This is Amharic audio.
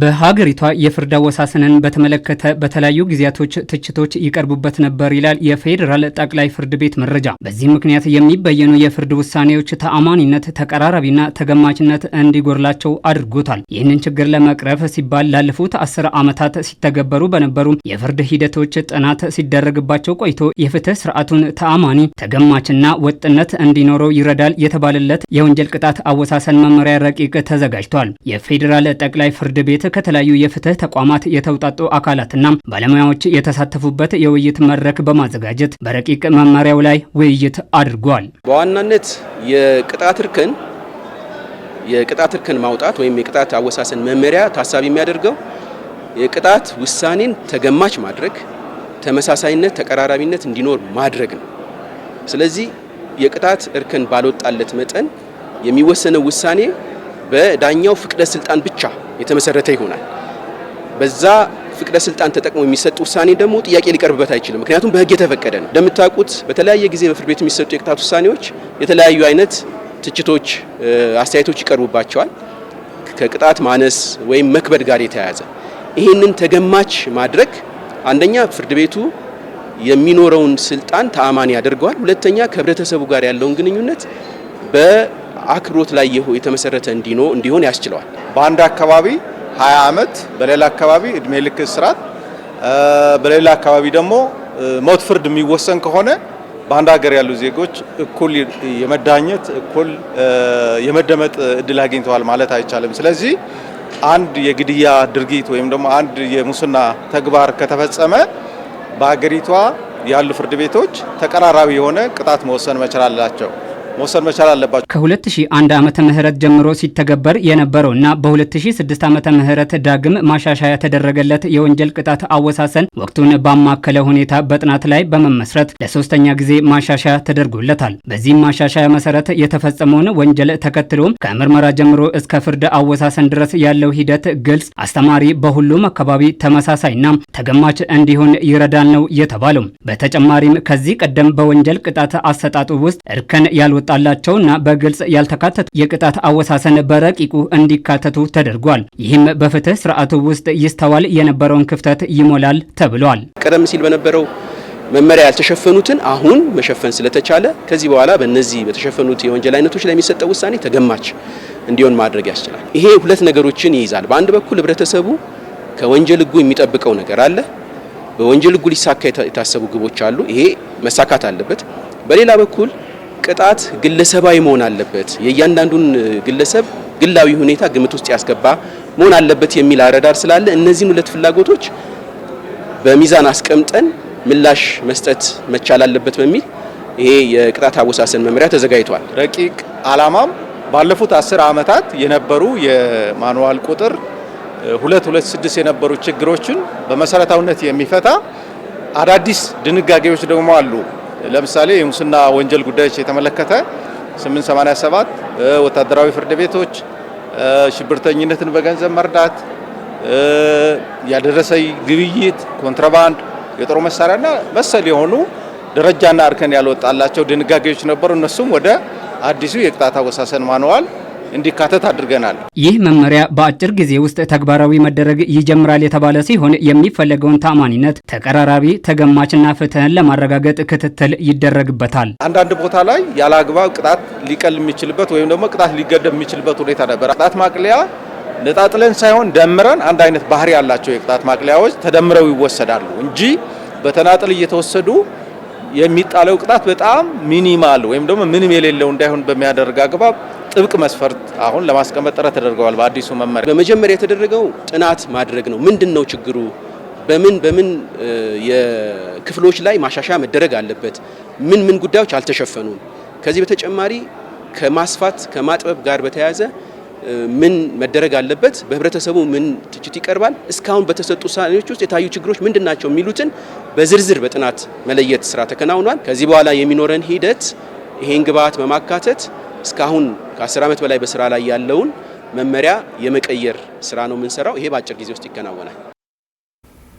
በሀገሪቷ የፍርድ አወሳሰንን በተመለከተ በተለያዩ ጊዜያቶች ትችቶች ይቀርቡበት ነበር ይላል የፌዴራል ጠቅላይ ፍርድ ቤት መረጃ። በዚህ ምክንያት የሚበየኑ የፍርድ ውሳኔዎች ተአማኒነት፣ ተቀራራቢና ተገማችነት እንዲጎርላቸው አድርጎታል። ይህንን ችግር ለመቅረፍ ሲባል ላለፉት አስር ዓመታት ሲተገበሩ በነበሩ የፍርድ ሂደቶች ጥናት ሲደረግባቸው ቆይቶ የፍትህ ስርዓቱን ተአማኒ፣ ተገማችና ወጥነት እንዲኖረው ይረዳል የተባለለት የወንጀል ቅጣት አወሳሰን መመሪያ ረቂቅ ተዘጋጅቷል። የፌዴራል ጠቅላይ ፍርድ ቤት ከተለያዩ የፍትህ ተቋማት የተውጣጡ አካላትና ባለሙያዎች የተሳተፉበት የውይይት መድረክ በማዘጋጀት በረቂቅ መመሪያው ላይ ውይይት አድርጓል። በዋናነት የቅጣት እርከን የቅጣት እርከን ማውጣት ወይም የቅጣት አወሳሰን መመሪያ ታሳቢ የሚያደርገው የቅጣት ውሳኔን ተገማች ማድረግ፣ ተመሳሳይነት፣ ተቀራራቢነት እንዲኖር ማድረግ ነው። ስለዚህ የቅጣት እርከን ባልወጣለት መጠን የሚወሰነው ውሳኔ በዳኛው ፍቅደ ስልጣን ብቻ የተመሰረተ ይሆናል። በዛ ፍቅደ ስልጣን ተጠቅሞ የሚሰጥ ውሳኔ ደግሞ ጥያቄ ሊቀርብበት አይችልም። ምክንያቱም በህግ የተፈቀደ ነው። እንደምታውቁት በተለያየ ጊዜ በፍርድ ቤት የሚሰጡ የቅጣት ውሳኔዎች የተለያዩ አይነት ትችቶች፣ አስተያየቶች ይቀርቡባቸዋል ከቅጣት ማነስ ወይም መክበድ ጋር የተያያዘ ይህንን ተገማች ማድረግ አንደኛ ፍርድ ቤቱ የሚኖረውን ስልጣን ተአማኒ ያደርገዋል። ሁለተኛ ከህብረተሰቡ ጋር ያለውን ግንኙነት በአክብሮት ላይ የተመሰረተ እንዲኖ እንዲሆን ያስችለዋል። በአንድ አካባቢ 20 ዓመት፣ በሌላ አካባቢ እድሜ ልክ እስራት፣ በሌላ አካባቢ ደግሞ ሞት ፍርድ የሚወሰን ከሆነ በአንድ ሀገር ያሉ ዜጎች እኩል የመዳኘት እኩል የመደመጥ እድል አግኝተዋል ማለት አይቻልም። ስለዚህ አንድ የግድያ ድርጊት ወይም ደግሞ አንድ የሙስና ተግባር ከተፈጸመ በሀገሪቷ ያሉ ፍርድ ቤቶች ተቀራራቢ የሆነ ቅጣት መወሰን መቻል አላቸው። መውሰድ መቻል አለባቸው። ከ2001 ዓመተ ምህረት ጀምሮ ሲተገበር የነበረው እና በ2006 ዓመተ ምህረት ዳግም ማሻሻያ የተደረገለት የወንጀል ቅጣት አወሳሰን ወቅቱን ባማከለ ሁኔታ በጥናት ላይ በመመስረት ለሶስተኛ ጊዜ ማሻሻያ ተደርጎለታል። በዚህም ማሻሻያ መሰረት የተፈጸመውን ወንጀል ተከትሎ ከምርመራ ጀምሮ እስከ ፍርድ አወሳሰን ድረስ ያለው ሂደት ግልጽ፣ አስተማሪ፣ በሁሉም አካባቢ ተመሳሳይና ተገማች እንዲሆን ይረዳል ነው የተባለው። በተጨማሪም ከዚህ ቀደም በወንጀል ቅጣት አሰጣጡ ውስጥ እርከን ያልወጣ የተወጣላቸውና በግልጽ ያልተካተቱ የቅጣት አወሳሰን በረቂቁ እንዲካተቱ ተደርጓል። ይህም በፍትህ ስርዓቱ ውስጥ ይስተዋል የነበረውን ክፍተት ይሞላል ተብሏል። ቀደም ሲል በነበረው መመሪያ ያልተሸፈኑትን አሁን መሸፈን ስለተቻለ ከዚህ በኋላ በእነዚህ በተሸፈኑት የወንጀል አይነቶች ላይ የሚሰጠው ውሳኔ ተገማች እንዲሆን ማድረግ ያስችላል። ይሄ ሁለት ነገሮችን ይይዛል። በአንድ በኩል ህብረተሰቡ ከወንጀል ህጉ የሚጠብቀው ነገር አለ። በወንጀል ህጉ ሊሳካ የታሰቡ ግቦች አሉ። ይሄ መሳካት አለበት። በሌላ በኩል ቅጣት ግለሰባዊ መሆን አለበት፣ የእያንዳንዱን ግለሰብ ግላዊ ሁኔታ ግምት ውስጥ ያስገባ መሆን አለበት የሚል አረዳድ ስላለ እነዚህን ሁለት ፍላጎቶች በሚዛን አስቀምጠን ምላሽ መስጠት መቻል አለበት በሚል ይሄ የቅጣት አወሳሰን መመሪያ ተዘጋጅቷል። ረቂቅ ዓላማም ባለፉት አስር ዓመታት የነበሩ የማኑዋል ቁጥር 226 የነበሩ ችግሮችን በመሰረታዊነት የሚፈታ አዳዲስ ድንጋጌዎች ደግሞ አሉ። ለምሳሌ የሙስና ወንጀል ጉዳዮች የተመለከተ 887 ወታደራዊ ፍርድ ቤቶች፣ ሽብርተኝነትን በገንዘብ መርዳት፣ ያደረሰ ግብይት፣ ኮንትራባንድ፣ የጦር መሳሪያና መሰል የሆኑ ደረጃና እርከን ያልወጣላቸው ድንጋጌዎች ነበሩ። እነሱም ወደ አዲሱ የቅጣት አወሳሰን ማንዋል እንዲካተት አድርገናል። ይህ መመሪያ በአጭር ጊዜ ውስጥ ተግባራዊ መደረግ ይጀምራል የተባለ ሲሆን የሚፈለገውን ታማኒነት፣ ተቀራራቢ ተገማችና ፍትህን ለማረጋገጥ ክትትል ይደረግበታል። አንዳንድ ቦታ ላይ ያለ አግባብ ቅጣት ሊቀል የሚችልበት ወይም ደግሞ ቅጣት ሊገደብ የሚችልበት ሁኔታ ነበር። ቅጣት ማቅለያ ነጣጥለን ሳይሆን ደምረን አንድ አይነት ባህሪ ያላቸው የቅጣት ማቅለያዎች ተደምረው ይወሰዳሉ እንጂ በተናጥል እየተወሰዱ የሚጣለው ቅጣት በጣም ሚኒማል ወይም ደግሞ ምንም የሌለው እንዳይሆን በሚያደርግ አግባብ ጥብቅ መስፈርት አሁን ለማስቀመጥ ጥረት ተደርገዋል። በአዲሱ መመሪያ በመጀመሪያ የተደረገው ጥናት ማድረግ ነው። ምንድን ነው ችግሩ? በምን በምን የክፍሎች ላይ ማሻሻያ መደረግ አለበት? ምን ምን ጉዳዮች አልተሸፈኑም? ከዚህ በተጨማሪ ከማስፋት ከማጥበብ ጋር በተያያዘ ምን መደረግ አለበት? በህብረተሰቡ ምን ትችት ይቀርባል? እስካሁን በተሰጡ ውሳኔዎች ውስጥ የታዩ ችግሮች ምንድን ናቸው የሚሉትን በዝርዝር በጥናት መለየት ስራ ተከናውኗል። ከዚህ በኋላ የሚኖረን ሂደት ይሄን ግብዓት በማካተት እስካሁን ከአስር ዓመት በላይ በስራ ላይ ያለውን መመሪያ የመቀየር ስራ ነው የምንሰራው። ይሄ በአጭር ጊዜ ውስጥ ይከናወናል።